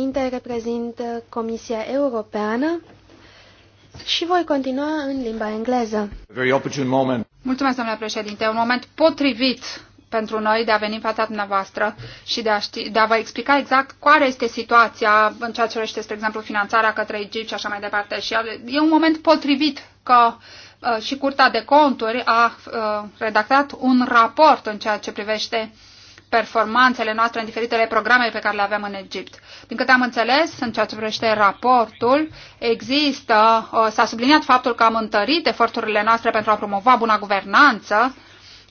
Inte reprezint Comisia Europeană și voi continua în limba engleză. Very opportune moment. Mulțumesc, domnule președinte. Un moment potrivit pentru noi de a veni în fața dumneavoastră și de a, ști, de a vă explica exact care este situația în ceea ce rește, spre exemplu, finanțarea către Egipt și așa mai departe. Și e un moment potrivit că uh, și Curtea de Conturi a uh, redactat un raport în ceea ce privește uh, performanțele noastre în diferitele programe pe care le avem în Egipt. Din câte am înțeles, în ceea ce privește raportul, există, uh, s-a subliniat faptul că am întărit eforturile noastre pentru a promova buna guvernanță,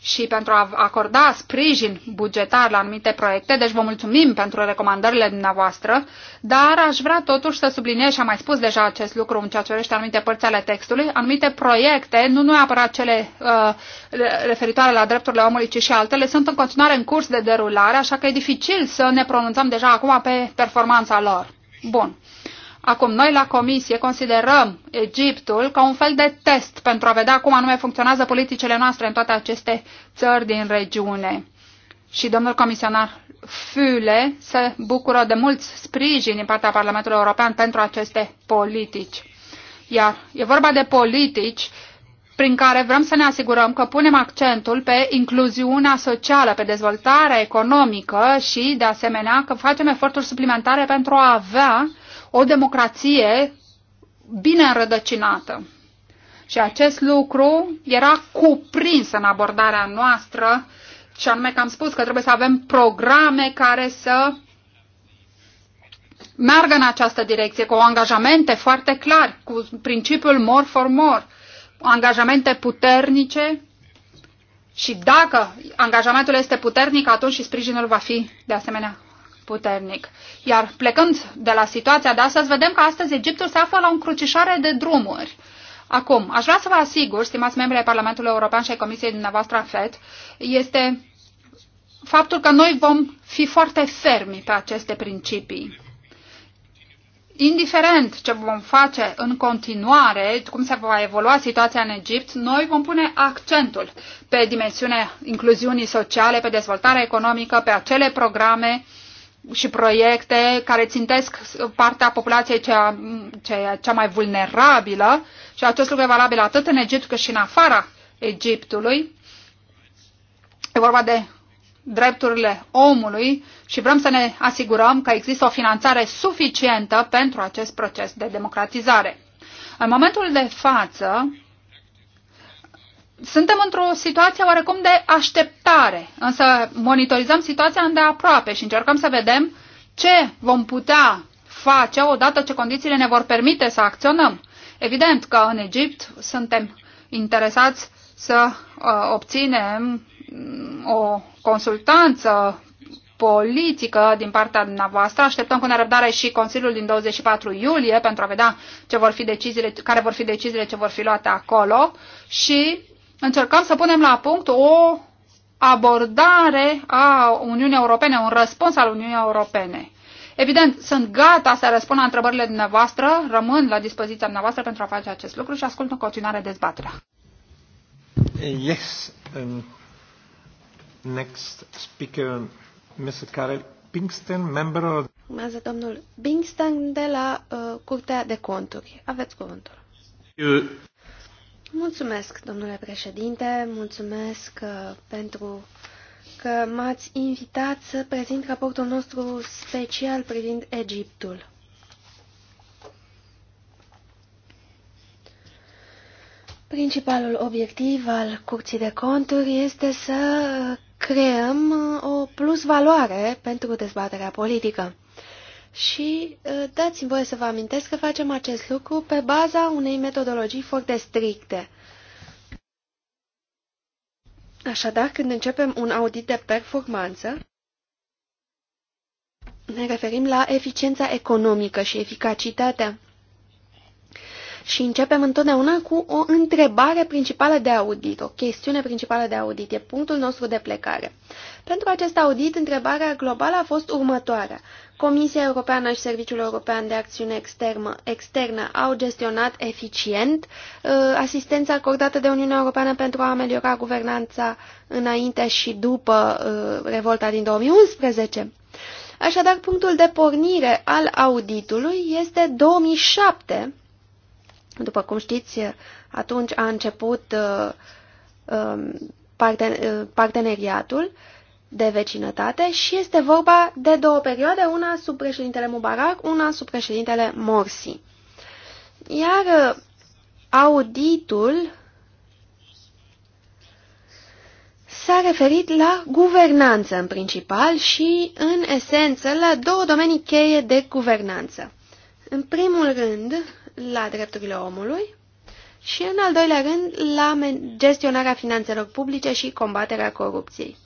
și pentru a acorda sprijin bugetar la anumite proiecte, deci vă mulțumim pentru recomandările dumneavoastră, dar aș vrea totuși să subliniez și am mai spus deja acest lucru în ceea ce vrește anumite părți ale textului, anumite proiecte, nu neapărat cele uh, referitoare la drepturile omului, ci și altele, sunt în continuare în curs de derulare, așa că e dificil să ne pronunțăm deja acum pe performanța lor. Bun. Acum, noi la Comisie considerăm Egiptul ca un fel de test pentru a vedea cum anume funcționează politicile noastre în toate aceste țări din regiune. Și domnul comisionar Füle se bucură de mult sprijin din partea Parlamentului European pentru aceste politici. Iar e vorba de politici prin care vrem să ne asigurăm că punem accentul pe incluziunea socială, pe dezvoltarea economică și, de asemenea, că facem eforturi suplimentare pentru a avea o democrație bine înrădăcinată. Și acest lucru era cuprins în abordarea noastră și anume că am spus că trebuie să avem programe care să meargă în această direcție, cu angajamente foarte clar cu principiul more for more, angajamente puternice și dacă angajamentul este puternic, atunci și sprijinul va fi de asemenea puternic. Iar plecând de la situația de astăzi, vedem că astăzi Egiptul se află la o crucișare de drumuri. Acum, aș vrea să vă asigur, stimați membri ai Parlamentului European și ai Comisiei dumneavoastră FED, este faptul că noi vom fi foarte fermi pe aceste principii. Indiferent ce vom face în continuare, cum se va evolua situația în Egipt, noi vom pune accentul pe dimensiunea incluziunii sociale, pe dezvoltarea economică, pe acele programe uh, și proiecte care țintesc partea populației cea, cea, cea mai vulnerabilă și acest lucru e valabil atât în Egipt cât și în afara Egiptului. E vorba de drepturile omului și vrem să ne asigurăm că există o finanțare suficientă pentru acest proces de democratizare. În momentul de față, suntem într-o situație oarecum de așteptare, însă monitorizăm situația îndeaproape și încercăm să vedem ce vom putea face odată ce condițiile ne vor permite să acționăm. Evident că în Egipt suntem interesați să uh, obținem mm, o consultanță politică din partea dumneavoastră. Așteptăm cu nerăbdare și Consiliul din 24 iulie pentru a vedea ce vor fi deciziile, care vor fi deciziile ce vor fi luate acolo și încercăm să punem la punct o abordare a Uniunii Europene, un răspuns al Uniunii Europene. Evident, sunt gata să răspund la întrebările dumneavoastră, rămân la dispoziția dumneavoastră pentru a face acest lucru și ascult în continuare dezbaterea. Yes. Um, next speaker, Mr. Karel Pinkston, member of... Urmează domnul Pinkston de la uh, Curtea de Conturi. Aveți cuvântul. Mulțumesc, domnule președinte, mulțumesc uh, pentru că m-ați invitat să prezint raportul nostru special privind Egiptul. Principalul obiectiv al Curții de Conturi este să uh, creăm uh, o plusvaloare pentru dezbaterea politică și uh, dați-mi voie să vă amintesc că facem acest lucru pe baza unei metodologii foarte stricte. Așadar, când începem un audit de performanță, ne referim la eficiența economică și eficacitatea și începem întotdeauna cu o întrebare principală de audit, o chestiune principală de audit, e punctul nostru de plecare. Pentru acest audit, întrebarea globală a fost următoarea. Comisia Europeană și Serviciul European de Acțiune Externă, externă au gestionat eficient uh, asistența acordată de Uniunea Europeană pentru a ameliora guvernanța înainte și după uh, revolta din 2011. Așadar, punctul de pornire al auditului este 2007, după cum știți, atunci a început uh, um, uh, parteneriatul de vecinătate și este vorba de două perioade, una sub președintele Mubarak, una sub președintele Morsi. Iar uh, auditul s-a referit la guvernanță în principal și, în esență, la două domenii cheie de guvernanță. În primul rând, la drepturile omului și, în al doilea rând, la gestionarea finanțelor publice și combaterea corupției.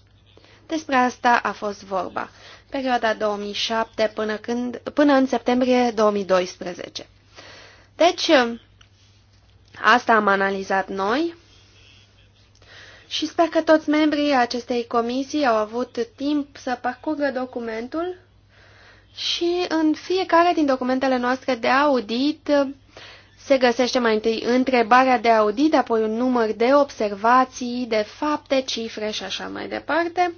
Despre asta a fost vorba, perioada 2007 până, când, până în septembrie 2012. Deci, asta am analizat noi și sper că toți membrii acestei comisii au avut timp să parcurgă documentul și în fiecare din documentele noastre de audit uh, se găsește mai întâi întrebarea de audit, apoi un număr de observații, de fapte, cifre și așa mai departe,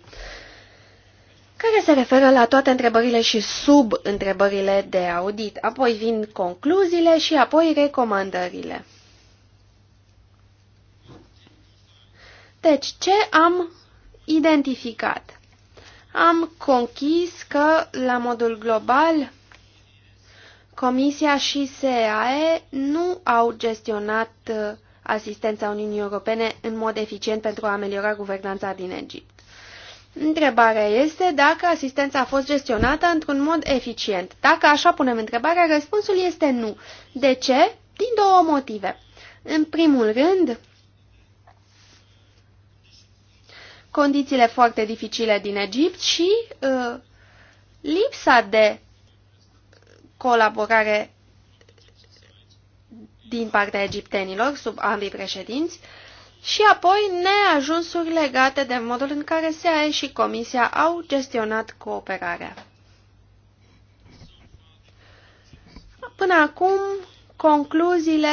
care se referă la toate întrebările și sub-întrebările de audit. Apoi vin concluziile și apoi recomandările. Deci, ce am identificat? am conchis că, la modul global, Comisia și SEAE nu au gestionat uh, asistența Uniunii Europene în mod eficient pentru a ameliora guvernanța din Egipt. Întrebarea este dacă asistența a fost gestionată într-un mod eficient. Dacă așa punem întrebarea, răspunsul este nu. De ce? Din două motive. În primul rând, condițiile foarte dificile din Egipt și uh, lipsa de colaborare din partea egiptenilor sub ambii președinți și apoi neajunsuri legate de modul în care SAE și Comisia au gestionat cooperarea. Până acum, concluziile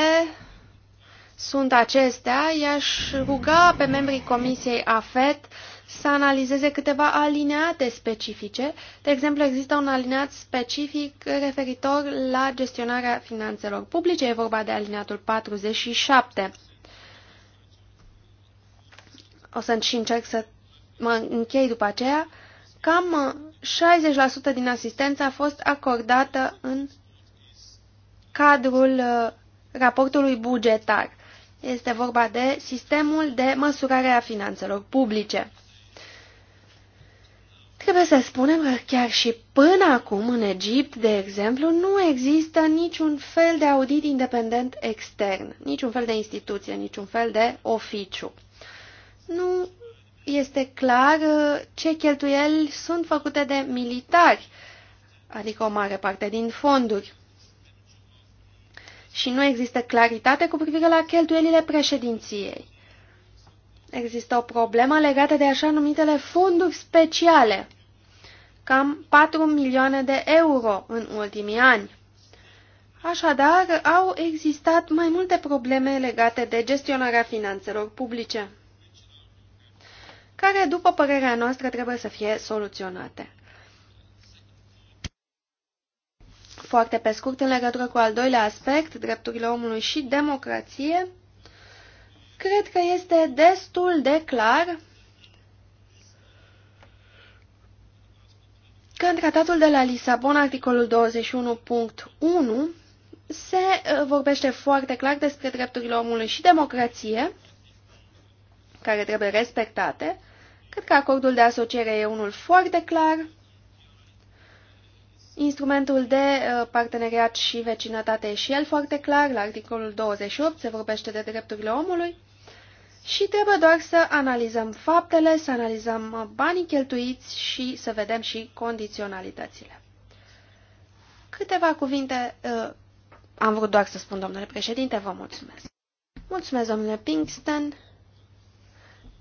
sunt acestea, i-aș ruga pe membrii Comisiei AFET să analizeze câteva alineate specifice. De exemplu, există un alineat specific referitor la gestionarea finanțelor publice, e vorba de alineatul 47. O să și încerc să mă închei după aceea. Cam 60% din asistență a fost acordată în cadrul uh, raportului bugetar. Este vorba de sistemul de măsurare a finanțelor publice. Trebuie să spunem că chiar și până acum în Egipt, de exemplu, nu există niciun fel de audit independent extern, niciun fel de instituție, niciun fel de oficiu. Nu este clar uh, ce cheltuieli sunt făcute de militari, adică o mare parte din fonduri și nu există claritate cu privire la cheltuielile președinției. Există o problemă legată de așa numitele fonduri speciale, cam 4 milioane de euro în ultimii ani. Așadar, au existat mai multe probleme legate de gestionarea finanțelor publice, care, după părerea noastră, trebuie să fie soluționate. foarte pe scurt în legătură cu al doilea aspect, drepturile omului și democrație, cred că este destul de clar că în tratatul de la Lisabon, articolul 21.1, se vorbește foarte clar despre drepturile omului și democrație, care trebuie respectate. Cred că acordul de asociere e unul foarte clar Instrumentul de uh, parteneriat și vecinătate e și el foarte clar, la articolul 28 se vorbește de drepturile omului și trebuie doar să analizăm faptele, să analizăm uh, banii cheltuiți și să vedem și condiționalitățile. Câteva cuvinte uh, am vrut doar să spun, domnule președinte, vă mulțumesc. Mulțumesc, domnule Pinkston.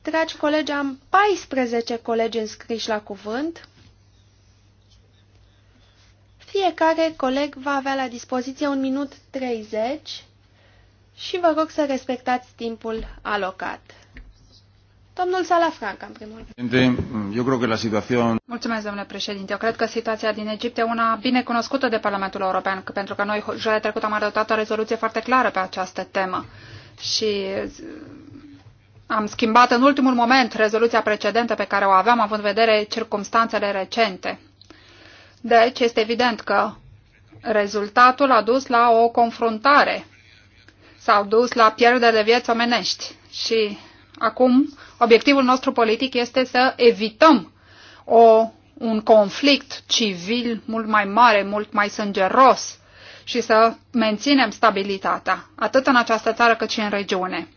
Dragi colegi, am 14 colegi înscriși la cuvânt. Fiecare coleg va avea la dispoziție un minut 30 și vă rog să respectați timpul alocat. Domnul Salafranca, în primul rând. Eu cred că la situație... Mulțumesc, domnule președinte. Eu cred că situația din Egipt e una bine cunoscută de Parlamentul European, pentru că noi joia trecută am adoptat o rezoluție foarte clară pe această temă. Și am schimbat în ultimul moment rezoluția precedentă pe care o aveam, având în vedere circumstanțele recente. Deci este evident că rezultatul a dus la o confruntare, s-au dus la pierdere de vieți omenești și acum obiectivul nostru politic este să evităm o, un conflict civil mult mai mare, mult mai sângeros și să menținem stabilitatea, atât în această țară cât și în regiune.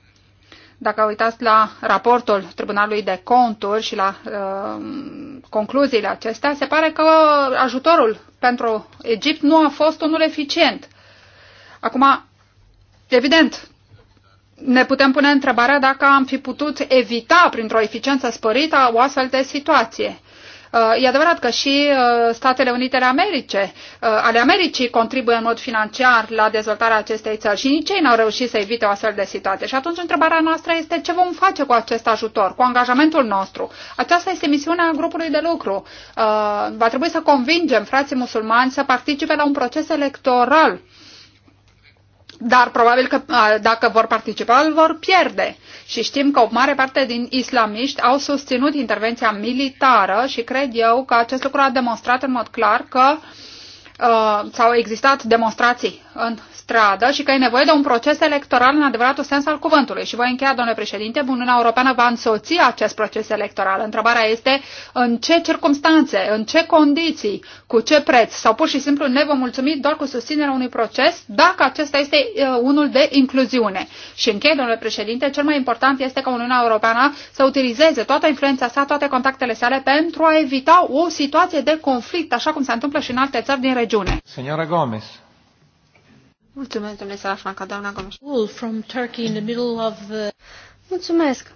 Dacă uitați la raportul Tribunalului de Conturi și la uh, concluziile acestea, se pare că ajutorul pentru Egipt nu a fost unul eficient. Acum, evident, ne putem pune întrebarea dacă am fi putut evita printr-o eficiență sporită o astfel de situație. Uh, e adevărat că și uh, Statele Unite ale Americii, uh, ale Americii contribuie în mod financiar la dezvoltarea acestei țări și nici ei n-au reușit să evite o astfel de situație. Și atunci întrebarea noastră este ce vom face cu acest ajutor, cu angajamentul nostru. Aceasta este misiunea grupului de lucru. Va trebui să convingem frații musulmani să participe la un proces electoral dar probabil că dacă vor participa, îl vor pierde. Și știm că o mare parte din islamiști au susținut intervenția militară și cred eu că acest lucru a demonstrat în mod clar că uh, sau au existat demonstrații în stradă și că e nevoie de un proces electoral în adevăratul sens al cuvântului. Și voi încheia, domnule președinte, Uniunea Europeană va însoți acest proces electoral. Întrebarea este în ce circunstanțe, în ce condiții, cu ce preț sau pur și simplu ne vom mulțumi doar cu susținerea unui proces dacă acesta este uh, unul de incluziune. Și încheie, domnule președinte, cel mai important este ca Uniunea Europeană să utilizeze toată influența sa, toate contactele sale pentru a evita o situație de conflict, așa cum se întâmplă și în alte țări din regiune. Senora Gomes. Mulțumesc, domnule Sarafranca, doamna Gomes. From Turkey in the middle of the... Mulțumesc.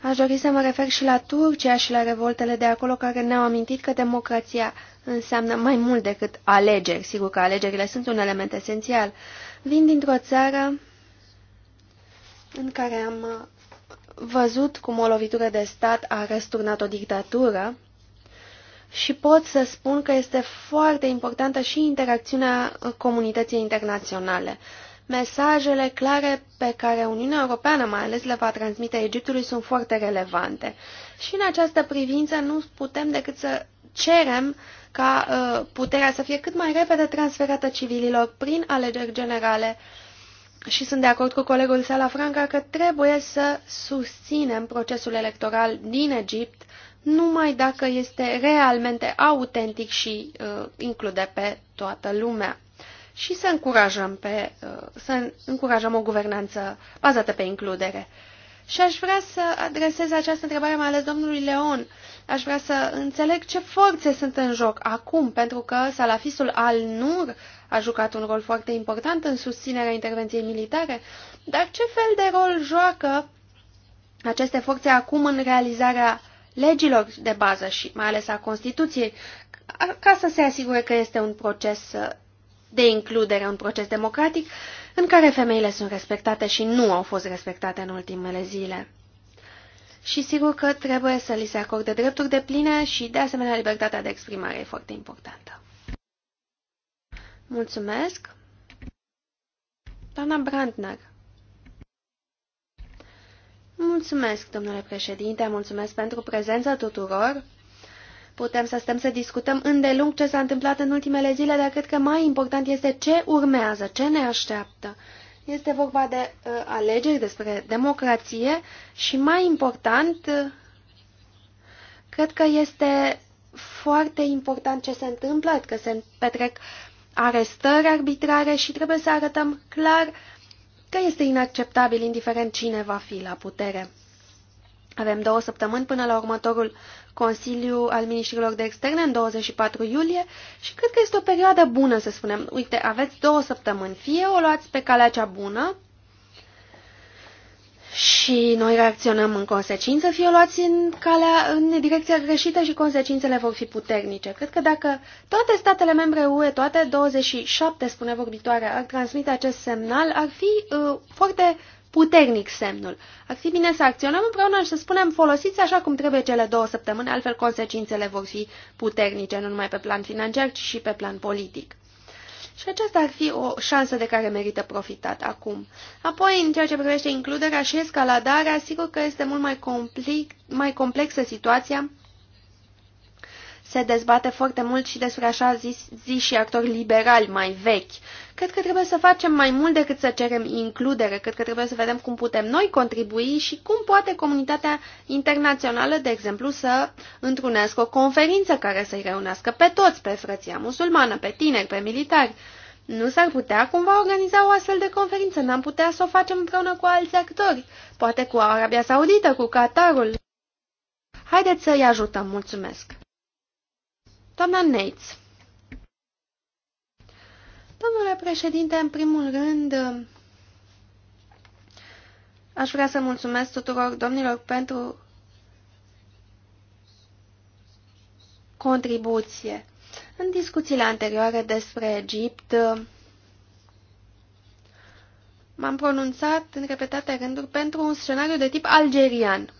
Aș dori să mă refer și la Turcia și la revoltele de acolo care ne-au amintit că democrația înseamnă mai mult decât alegeri. Sigur că alegerile sunt un element esențial. Vin dintr-o țară în care am văzut cum o lovitură de stat a răsturnat o dictatură și pot să spun că este foarte importantă și interacțiunea uh, comunității internaționale. Mesajele clare pe care Uniunea Europeană mai ales le va transmite Egiptului sunt foarte relevante. Și în această privință nu putem decât să cerem ca uh, puterea să fie cât mai repede transferată civililor prin alegeri generale și sunt de acord cu colegul Franca că trebuie să susținem procesul electoral din Egipt numai dacă este realmente autentic și uh, include pe toată lumea. Și să încurajăm, pe, uh, să încurajăm o guvernanță bazată pe includere. Și aș vrea să adresez această întrebare mai ales domnului Leon. Aș vrea să înțeleg ce forțe sunt în joc acum, pentru că salafistul al-Nur a jucat un rol foarte important în susținerea intervenției militare, dar ce fel de rol joacă aceste forțe acum în realizarea uh, legilor de bază și mai ales a Constituției, ca să se asigure că este un proces de includere, un proces democratic în care femeile sunt respectate și nu au fost respectate în ultimele zile. Și sigur că trebuie să li se acorde drepturi de pline și, de asemenea, libertatea de exprimare e foarte importantă. Mulțumesc! Doamna Brandner Mulțumesc, domnule președinte, mulțumesc pentru prezența tuturor. Putem să stăm să discutăm îndelung ce s-a întâmplat în ultimele zile, dar cred că mai important este ce urmează, ce ne așteaptă. Este vorba de uh, alegeri, despre democrație și, mai important, uh, cred că este foarte important ce se întâmplă, că se petrec arestări arbitrare și trebuie să arătăm clar uh, că este inacceptabil, indiferent cine va fi la putere. Avem două săptămâni până la următorul Consiliu al Ministrilor de Externe, în 24 iulie, și cred că este o perioadă bună, să spunem. Uite, aveți două săptămâni. Fie o luați pe calea cea bună, și noi reacționăm în consecință, fie luați în, calea, în direcția greșită și consecințele vor fi puternice. Cred că dacă toate statele membre UE, toate 27, spune vorbitoarea, ar transmite acest semnal, ar fi uh, foarte puternic semnul. Ar fi bine să acționăm împreună și să spunem folosiți așa cum trebuie cele două săptămâni, altfel consecințele vor fi puternice, nu numai pe plan financiar, ci și pe plan politic. Și aceasta ar fi o șansă de care merită profitat acum. Apoi, în ceea ce privește includerea și escaladarea, sigur că este mult mai, complic, mai complexă situația se dezbate foarte mult și despre așa zis, zi și actori liberali mai vechi. Cred că trebuie să facem mai mult decât să cerem includere, cred că trebuie să vedem cum putem noi contribui și cum poate comunitatea internațională, de exemplu, să întrunească o conferință care să-i reunească pe toți, pe frăția musulmană, pe tineri, pe militari. Nu s-ar putea cumva organiza o astfel de conferință, n-am putea să o facem împreună cu alți actori, poate cu Arabia Saudită, cu Qatarul. Haideți să-i ajutăm, mulțumesc! Doamna Neitz. Domnule președinte, în primul rând, aș vrea să mulțumesc tuturor domnilor pentru contribuție. În discuțiile anterioare despre Egipt, m-am pronunțat în repetate rânduri pentru un scenariu de tip algerian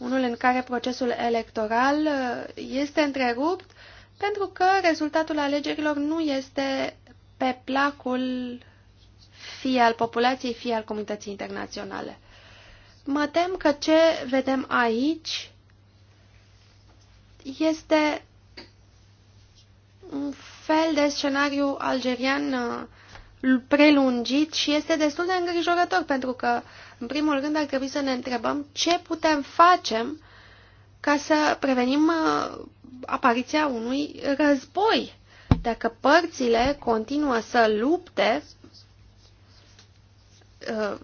unul în care procesul electoral uh, este întrerupt pentru că rezultatul alegerilor nu este pe placul fie al populației, fie al comunității internaționale. Mă tem că ce vedem aici este un fel de scenariu algerian uh, prelungit și este destul de îngrijorător, pentru că, în primul rând, ar trebui să ne întrebăm ce putem face ca să prevenim uh, apariția unui război. Dacă părțile continuă să lupte uh,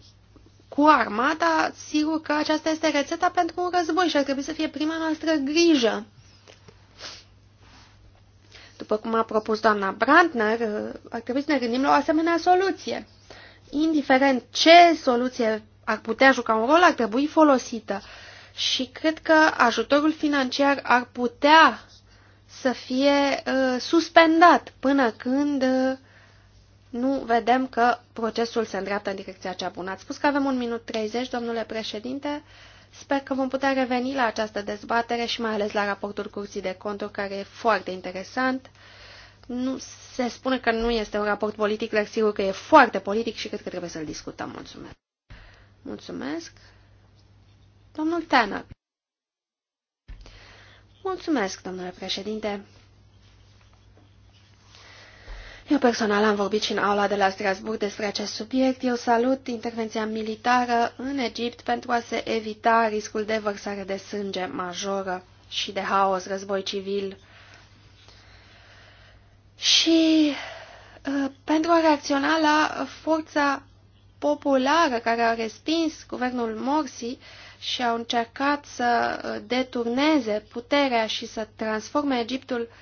cu armata, sigur că aceasta este rețeta pentru un război și ar trebui să fie prima noastră grijă după cum a propus doamna Brandner, ar trebui să ne gândim la o asemenea soluție. Indiferent ce soluție ar putea juca un rol, ar trebui folosită. Și cred că ajutorul financiar ar putea să fie uh, suspendat până când uh, nu vedem că procesul se îndreaptă în direcția cea bună. Ați spus că avem un minut 30, domnule președinte. Uh, Sper că vom putea reveni la această dezbatere și mai ales la raportul Curții de Conturi, care e foarte interesant. Nu, se spune că nu este un raport politic, dar sigur că e foarte politic și cred că trebuie să-l discutăm. Mulțumesc. Mulțumesc. Domnul Tanner. Mulțumesc, domnule președinte. Eu personal am vorbit și în aula de la Strasburg despre acest subiect. Eu salut intervenția militară în Egipt pentru a se evita riscul de vărsare de sânge majoră și de haos, război civil. Și uh, pentru a reacționa la forța populară care a respins guvernul Morsi și au încercat să ă, deturneze puterea și să transforme Egiptul uh,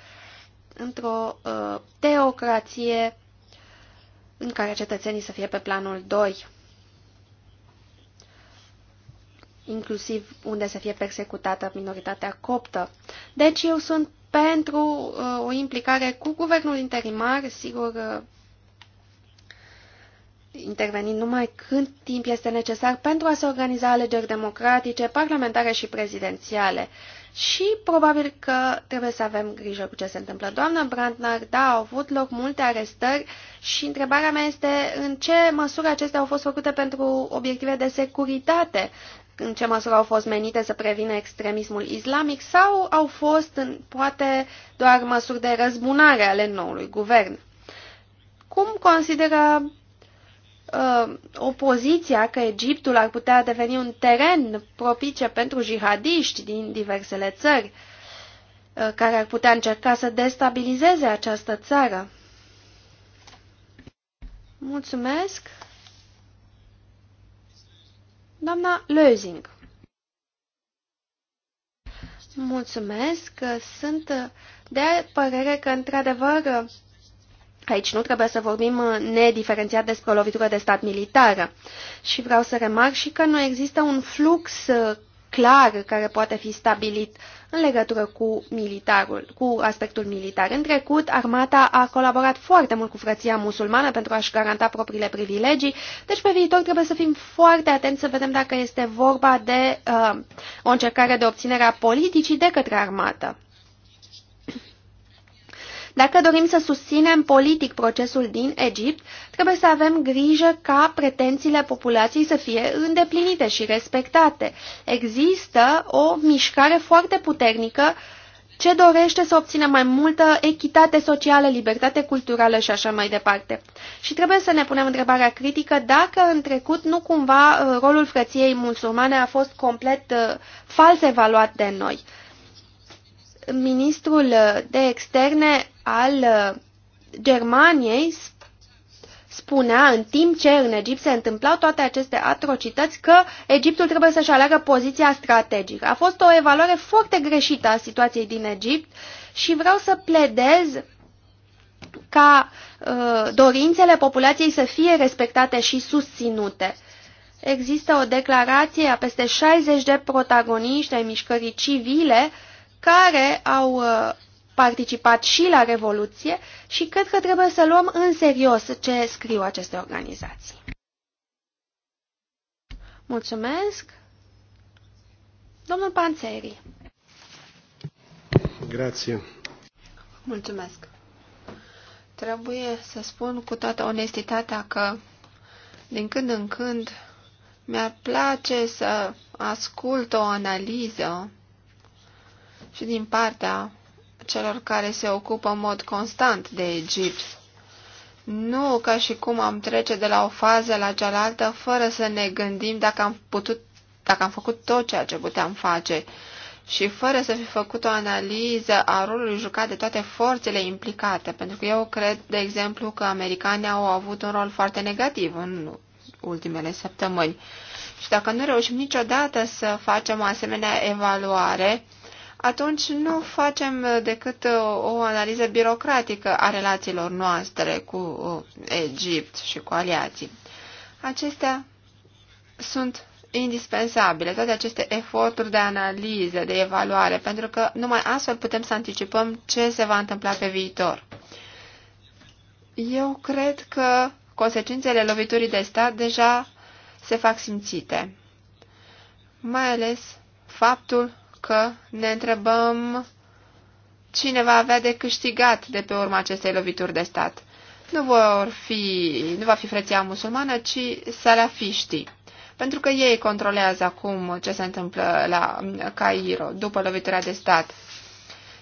într-o uh, teocrație în care cetățenii să fie pe planul 2, inclusiv unde să fie persecutată minoritatea coptă. Deci eu sunt pentru uh, o implicare cu guvernul interimar, sigur, uh, intervenind numai cât timp este necesar pentru a se organiza alegeri democratice, parlamentare și prezidențiale și probabil că trebuie să avem grijă cu ce se întâmplă. Doamna Brandner, da, au avut loc multe arestări și întrebarea mea este în ce măsură acestea au fost făcute pentru obiective de securitate, în ce măsură au fost menite să prevină extremismul islamic sau au fost poate doar măsuri de răzbunare ale noului guvern. Cum consideră uh, opoziția că Egiptul ar putea deveni un teren propice pentru jihadiști din diversele țări uh, care ar putea încerca să destabilizeze această țară. Mulțumesc. Doamna Lözing. Mulțumesc. Sunt de părere că, într-adevăr, Aici nu trebuie să vorbim uh, nediferențiat despre o lovitură de stat militară. Și vreau să remarc și că nu există un flux uh, clar care poate fi stabilit în legătură cu militarul, cu aspectul militar. În trecut, armata a colaborat foarte mult cu frăția musulmană pentru a-și garanta propriile privilegii, deci pe viitor trebuie să fim foarte atenți să vedem dacă este vorba de uh, o încercare de obținere a politicii de către armată. Dacă dorim să susținem politic procesul din Egipt, trebuie să avem grijă ca pretențiile populației să fie îndeplinite și respectate. Există o mișcare foarte puternică ce dorește să obțină mai multă echitate socială, libertate culturală și așa mai departe. Și trebuie să ne punem întrebarea critică dacă în trecut nu cumva uh, rolul frăției musulmane a fost complet uh, fals evaluat de noi. Ministrul uh, de externe al uh, Germaniei spunea, în timp ce în Egipt se întâmplau toate aceste atrocități, că Egiptul trebuie să-și aleagă poziția strategică. A fost o evaluare foarte greșită a situației din Egipt și vreau să pledez ca uh, dorințele populației să fie respectate și susținute. Există o declarație a peste 60 de protagoniști ai mișcării civile care au uh, participat și la Revoluție și cred că trebuie să luăm în serios ce scriu aceste organizații. Mulțumesc. Domnul Panțeri. Grație. Mulțumesc. Trebuie să spun cu toată onestitatea că din când în când mi-ar place să ascult o analiză și din partea celor care se ocupă în mod constant de Egipt. Nu ca și cum am trece de la o fază la cealaltă fără să ne gândim dacă am, putut, dacă am făcut tot ceea ce puteam face și fără să fi făcut o analiză a rolului jucat de toate forțele implicate, pentru că eu cred, de exemplu, că americanii au avut un rol foarte negativ în ultimele săptămâni. Și dacă nu reușim niciodată să facem o asemenea evaluare, atunci nu facem uh, decât uh, o analiză birocratică a relațiilor noastre cu uh, Egipt și cu aliații. Acestea sunt indispensabile, toate aceste eforturi de analiză, de evaluare, pentru că numai astfel putem să anticipăm ce se va întâmpla pe viitor. Eu cred că consecințele loviturii de stat deja se fac simțite, mai ales faptul că ne întrebăm cine va avea de câștigat de pe urma acestei lovituri de stat. Nu, vor fi, nu va fi freția musulmană, ci salafiștii. Pentru că ei controlează acum ce se întâmplă la Cairo după lovitura de stat.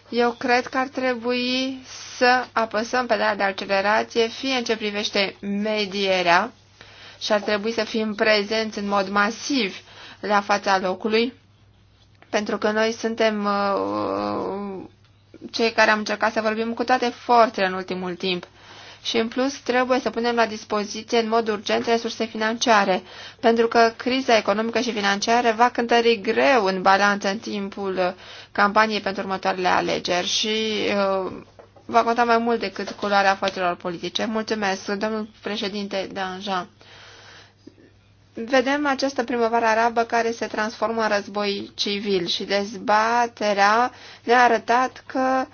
Eu cred că ar trebui să apăsăm pedala de accelerație fie în ce privește medierea și ar trebui să fim prezenți în mod masiv la fața locului pentru că noi suntem uh, cei care am încercat să vorbim cu toate forțele în ultimul timp. Și în plus trebuie să punem la dispoziție în mod urgent resurse financiare, pentru că criza economică și financiară va cântări greu în balanță în timpul campaniei pentru următoarele alegeri și uh, va conta mai mult decât culoarea forțelor politice. Mulțumesc, domnul președinte Danjean. Vedem această primăvară arabă care se transformă în război civil și dezbaterea ne-a arătat că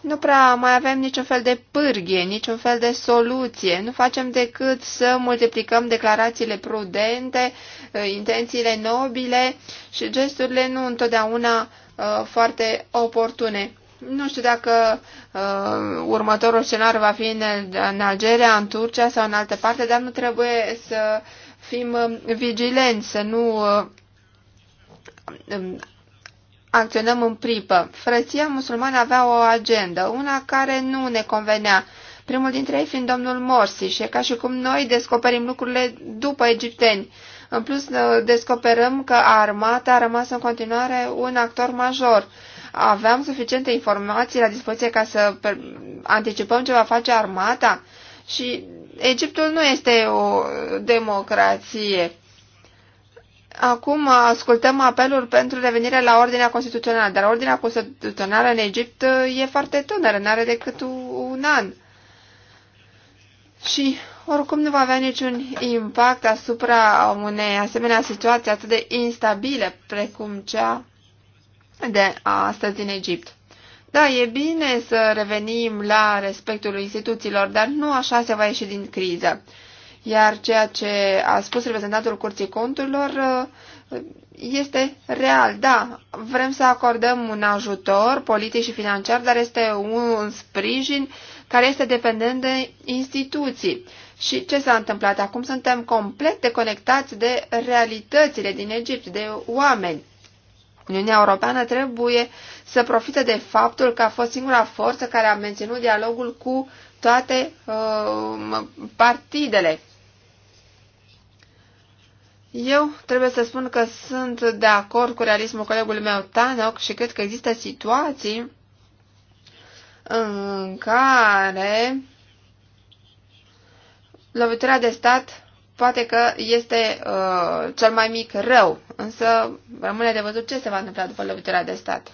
nu prea mai avem niciun fel de pârghie, niciun fel de soluție. Nu facem decât să multiplicăm declarațiile prudente, eh, intențiile nobile și gesturile nu întotdeauna eh, foarte oportune. Nu știu dacă uh, următorul scenariu va fi în, în Algeria, în Turcia sau în altă parte, dar nu trebuie să uh, fim uh, vigilenți, să nu uh, um, acționăm în pripă. Frăția musulmană avea o agendă, una care nu ne convenea, primul dintre ei fiind domnul Morsi și ca și cum noi descoperim lucrurile după egipteni. În plus, uh, descoperăm că armata a rămas în continuare un actor major. Aveam suficiente informații la dispoziție ca să anticipăm ce va face armata? Și Egiptul nu este o democrație. Acum ascultăm apeluri pentru revenirea la ordinea constituțională, dar ordinea constituțională în Egipt e foarte tânără, nu are decât un an. Și oricum nu va avea niciun impact asupra unei asemenea situații atât de instabile precum cea de astăzi în Egipt. Da, e bine să revenim la respectul instituțiilor, dar nu așa se va ieși din criză. Iar ceea ce a spus reprezentantul Curții Conturilor uh, este real. Da, vrem să acordăm un ajutor politic și financiar, dar este un sprijin care este dependent de instituții. Și ce s-a întâmplat? Acum suntem complet deconectați de realitățile din Egipt, de oameni. Uniunea Europeană trebuie să profite de faptul că a fost singura forță care a menținut dialogul cu toate uh, partidele. Eu trebuie să spun că sunt de acord cu realismul colegului meu Tanoc și cred că există situații în care lovitura de stat poate că este uh, cel mai mic rău, însă rămâne de văzut ce se va întâmpla după lovitura de stat.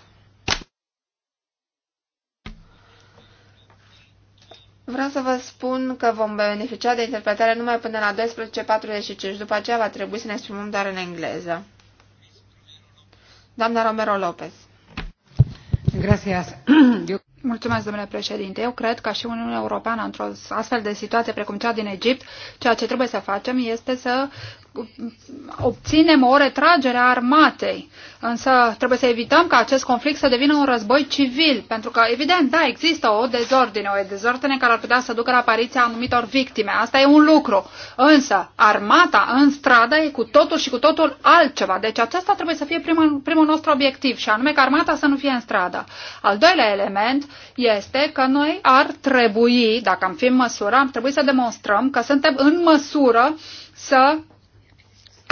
Vreau să vă spun că vom beneficia de interpretare numai până la 12.45, după aceea va trebui să ne exprimăm doar în engleză. Doamna Romero Lopez. Gracias. Eu... Mulțumesc, domnule președinte. Eu cred că și Uniunea Europeană, într-o astfel de situație precum cea din Egipt, ceea ce trebuie să facem este să obținem o retragere a armatei. Însă trebuie să evităm ca acest conflict să devină un război civil, pentru că, evident, da, există o dezordine, o dezordine care ar putea să ducă la apariția anumitor victime. Asta e un lucru. Însă, armata în stradă e cu totul și cu totul altceva. Deci acesta trebuie să fie primul, primul nostru obiectiv, și anume că armata să nu fie în stradă. Al doilea element este că noi ar trebui, dacă am fi în măsură, am trebui să demonstrăm că suntem în măsură să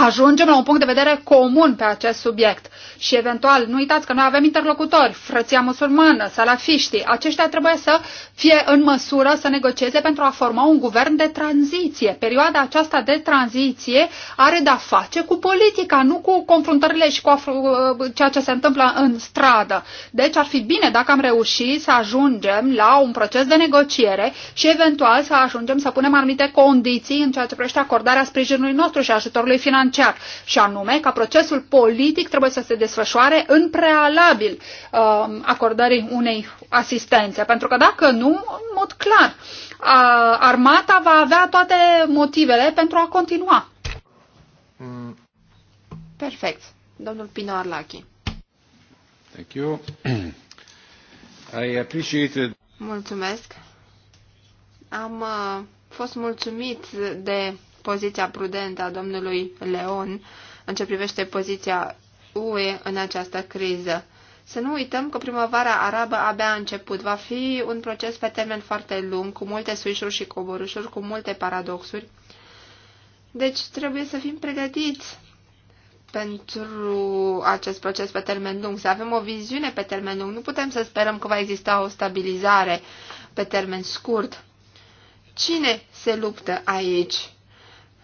ajungem la un punct de vedere comun pe acest subiect. Și eventual, nu uitați că noi avem interlocutori, frăția musulmană, salafiștii. Aceștia trebuie să fie în măsură să negocieze pentru a forma un guvern de tranziție. Perioada aceasta de tranziție are de-a face cu politica, nu cu confruntările și cu uh, ceea ce se întâmplă în stradă. Deci ar fi bine dacă am reușit să ajungem la un proces de negociere și eventual să ajungem să punem anumite condiții în ceea ce privește acordarea sprijinului nostru și ajutorului financiar financiar, și anume ca procesul politic trebuie să se desfășoare în prealabil uh, acordării unei asistențe. Pentru că dacă nu, în mod clar, uh, armata va avea toate motivele pentru a continua. Mm. Perfect. Domnul Pino Arlachi. Thank you. I appreciate. Mulțumesc. Am uh, fost mulțumit de poziția prudentă a domnului Leon în ce privește poziția UE în această criză. Să nu uităm că primăvara arabă abia a început. Va fi un proces pe termen foarte lung, cu multe suișuri și coborâșuri, cu multe paradoxuri. Deci trebuie să fim pregătiți pentru acest proces pe termen lung, să avem o viziune pe termen lung. Nu putem să sperăm că va exista o stabilizare pe termen scurt. Cine se luptă aici?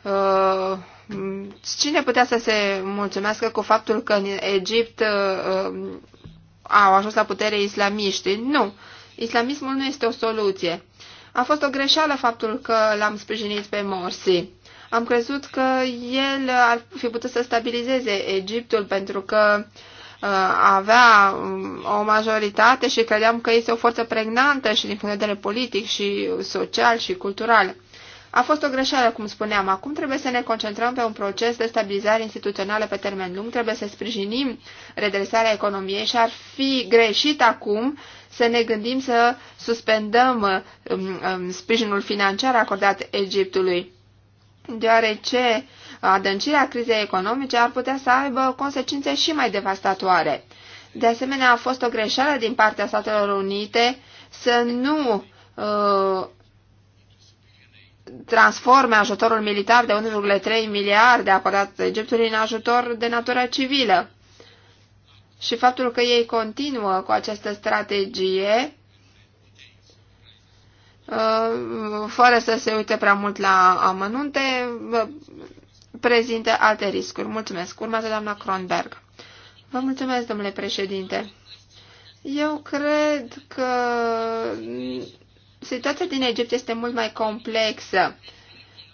Uh, cine putea să se mulțumească cu faptul că în Egipt uh, uh, au ajuns la putere islamiști? Nu. Islamismul nu este o soluție. A fost o greșeală faptul că l-am sprijinit pe Morsi. Am crezut că el ar fi putut să stabilizeze Egiptul pentru că avea um, o majoritate și credeam că este o forță pregnantă și din punct de vedere politic și social și cultural. A fost o greșeală, cum spuneam. Acum trebuie să ne concentrăm pe un proces de stabilizare instituțională pe termen lung, trebuie să sprijinim redresarea economiei și ar fi greșit acum să ne gândim să suspendăm um, um, sprijinul financiar acordat Egiptului, deoarece adâncirea crizei economice ar putea să aibă consecințe și mai devastatoare. De asemenea, a fost o greșeală din partea Statelor Unite să nu uh, transforme ajutorul militar de 1,3 miliarde acordat Egiptului în ajutor de natură civilă. Și faptul că ei continuă cu această strategie uh, fără să se uite prea mult la amănunte, prezintă alte riscuri. Mulțumesc. Urmează doamna Kronberg. Vă mulțumesc, domnule președinte. Eu cred că situația din Egipt este mult mai complexă.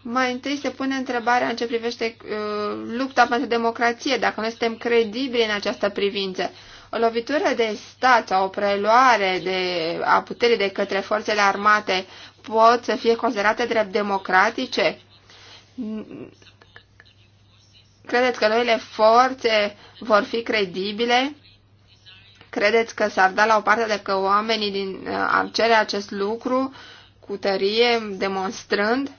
Mai întâi se pune întrebarea în ce privește uh, lupta pentru democrație, dacă noi suntem credibili în această privință. O lovitură de stat sau o preluare de, a puterii de către forțele armate pot să fie considerate drept democratice? Credeți că noile forțe vor fi credibile? Credeți că s-ar da la o parte dacă oamenii din, uh, ar cere acest lucru cu tărie, demonstrând?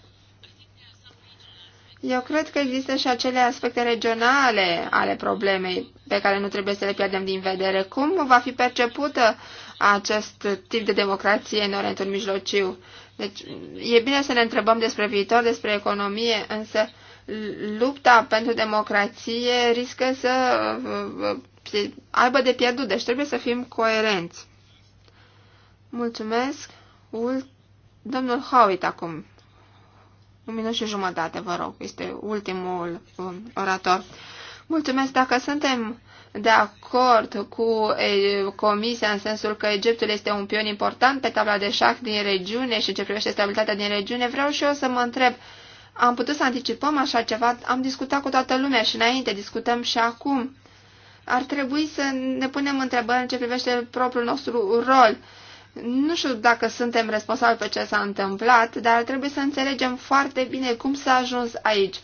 Eu cred că există și acele aspecte regionale ale problemei pe care nu trebuie să le pierdem din vedere. Cum va fi percepută acest tip de democrație în Orientul Mijlociu? Deci e bine să ne întrebăm despre viitor, despre economie, însă lupta pentru democrație riscă să uh, uh, aibă de pierdut, deci trebuie să fim coerenți. Mulțumesc. ult. Domnul Howitt acum. Un minut și jumătate, vă rog. Este ultimul um, orator. Mulțumesc. Dacă suntem de acord cu Comisia în sensul că Egiptul este un pion important pe tabla de șac din regiune și ce privește stabilitatea din regiune, vreau și eu să mă întreb, am putut să anticipăm așa ceva? Am discutat cu toată lumea și înainte, discutăm și acum ar trebui să ne punem întrebări în ce privește propriul nostru rol. Nu știu dacă suntem responsabili pe ce s-a întâmplat, dar trebuie să înțelegem foarte bine cum s-a ajuns aici.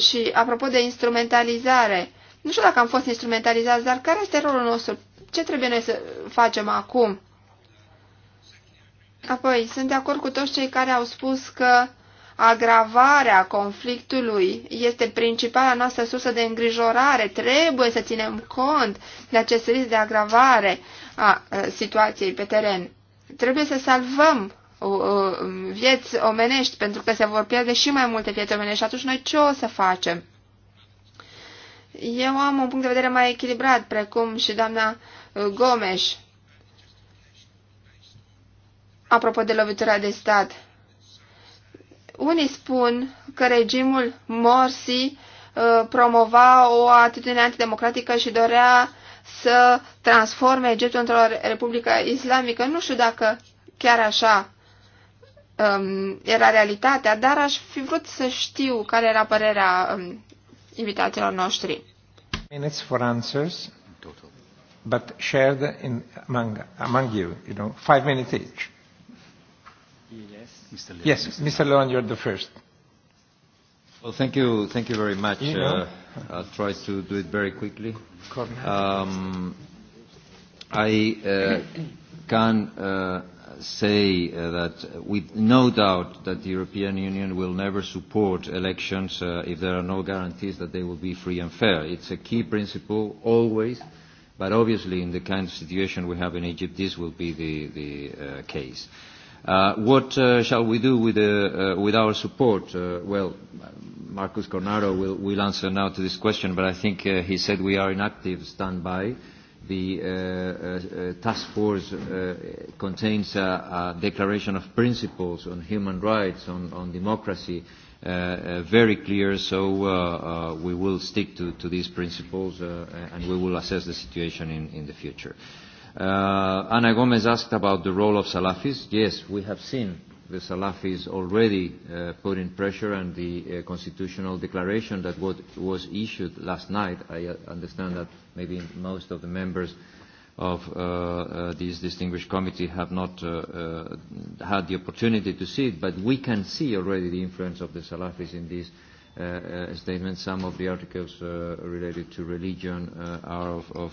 Și apropo de instrumentalizare, nu știu dacă am fost instrumentalizați, dar care este rolul nostru? Ce trebuie noi să facem acum? Apoi, sunt de acord cu toți cei care au spus că Agravarea conflictului este principala noastră sursă de îngrijorare. Trebuie să ținem cont de acest risc de agravare a situației pe teren. Trebuie să salvăm uh, uh, vieți omenești, pentru că se vor pierde și mai multe vieți omenești. Atunci noi ce o să facem? Eu am un punct de vedere mai echilibrat, precum și doamna uh, Gomes, apropo de lovitura de stat. Unii spun că regimul Morsi uh, promova o atitudine antidemocratică și dorea să transforme Egiptul într-o republică islamică. Nu știu dacă chiar așa um, era realitatea, dar aș fi vrut să știu care era părerea um, invitațiilor noștri. Minutes for answers, but shared in among, among you, you know, five minutes each. Mr. Leon. Yes, Mr. Leon, you're the first. Well, thank you, thank you very much. You uh, know? uh, I'll try to do it very quickly. Um, I uh, can uh, say uh, that with no doubt that the European Union will never support elections uh, if there are no guarantees that they will be free and fair. It's a key principle always, but obviously in the kind of situation we have in Egypt, this will be the, the uh, case. Uh, Uh, what uh, shall we do with, uh, uh, with our support? Uh, well, Marcus Cornaro will, will answer now to this question, but I think uh, he said we are in active standby. The uh, uh, uh, task force uh, contains a, a declaration of principles on human rights, on, on democracy, uh, uh, very clear, so uh, uh, we will stick to, to these principles uh, and we will assess the situation in, in the future. Uh, Uh, Ana Gomez asked about the role of Salafis. Yes, we have seen the Salafis already uh, putting pressure and the uh, constitutional declaration that what was issued last night. I uh, understand that maybe most of the members of uh, uh, this distinguished committee have not uh, uh, had the opportunity to see it, but we can see already the influence of the Salafis in these uh, uh, statements. Some of the articles uh, related to religion uh, are of, of uh,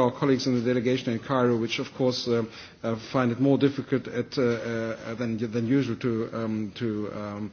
our colleagues in the delegation in Cairo, which of course um, uh, find it more difficult at, uh, uh, than, than usual to, um, to um,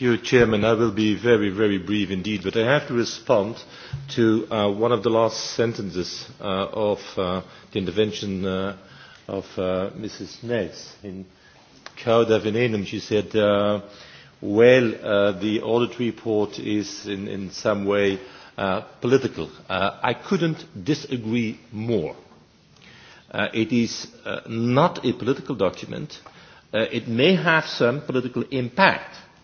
You, I will be very, very brief indeed, but I have to respond to uh, one of the last sentences uh, of uh, the intervention of Mrs. Ness. In Cauda Venenum, she said, well, the audit report is in, some way political. Uh, I couldn't disagree more. it is not a political document. it may have some political impact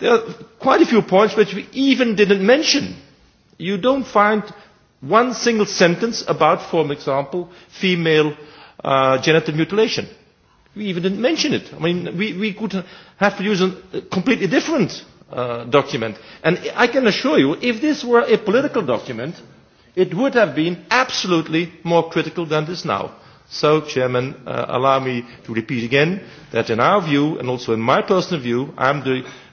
There are quite a few points which we even didn't mention. You don't find one single sentence about, for example, female uh, genital mutilation. We even didn't mention it. I mean, we, we could have used a completely different uh, document. And I can assure you, if this were a political document, it would have been absolutely more critical than this now. So, Chairman, uh, allow me to repeat again that in our view, and also in my personal view, I'm the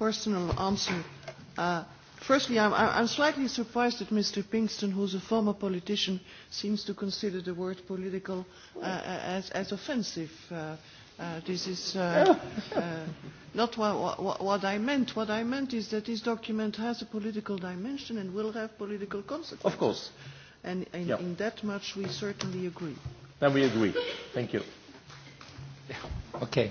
personal answer. Uh, firstly, I'm, I'm slightly surprised that Mr. Pinkston, who's a former politician, seems to consider the word political uh, uh as, as offensive. Uh, Uh, this is uh, uh, not what, what, what I meant. What I meant is that this document has a political dimension and will have political consequences. Of course. And in, yep. in that much we certainly agree. Then we agree. Thank you. Okay.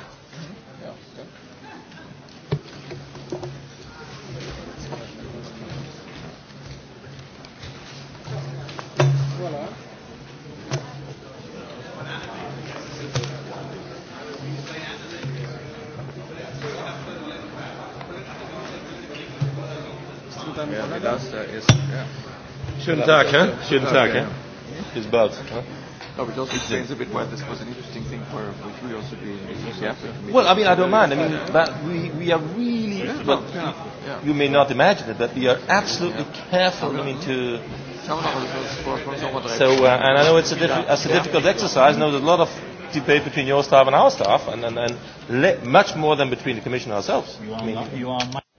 Schönen Tag, hä? Schönen Tag, hä? Bis bald. No, but also explains a bit why this was an interesting thing for, for you also being the Well, I mean, I don't mind. I mean, but we, we are really, yeah, well. yeah, yeah. you may not imagine it, but we are absolutely yeah. careful, I mean, to... So, uh, and I know it's a, diffi- yeah. it's a difficult yeah. exercise. I know there's a lot of debate between your staff and our staff, and, and, and le- much more than between the Commission ourselves. You are, I mean, you are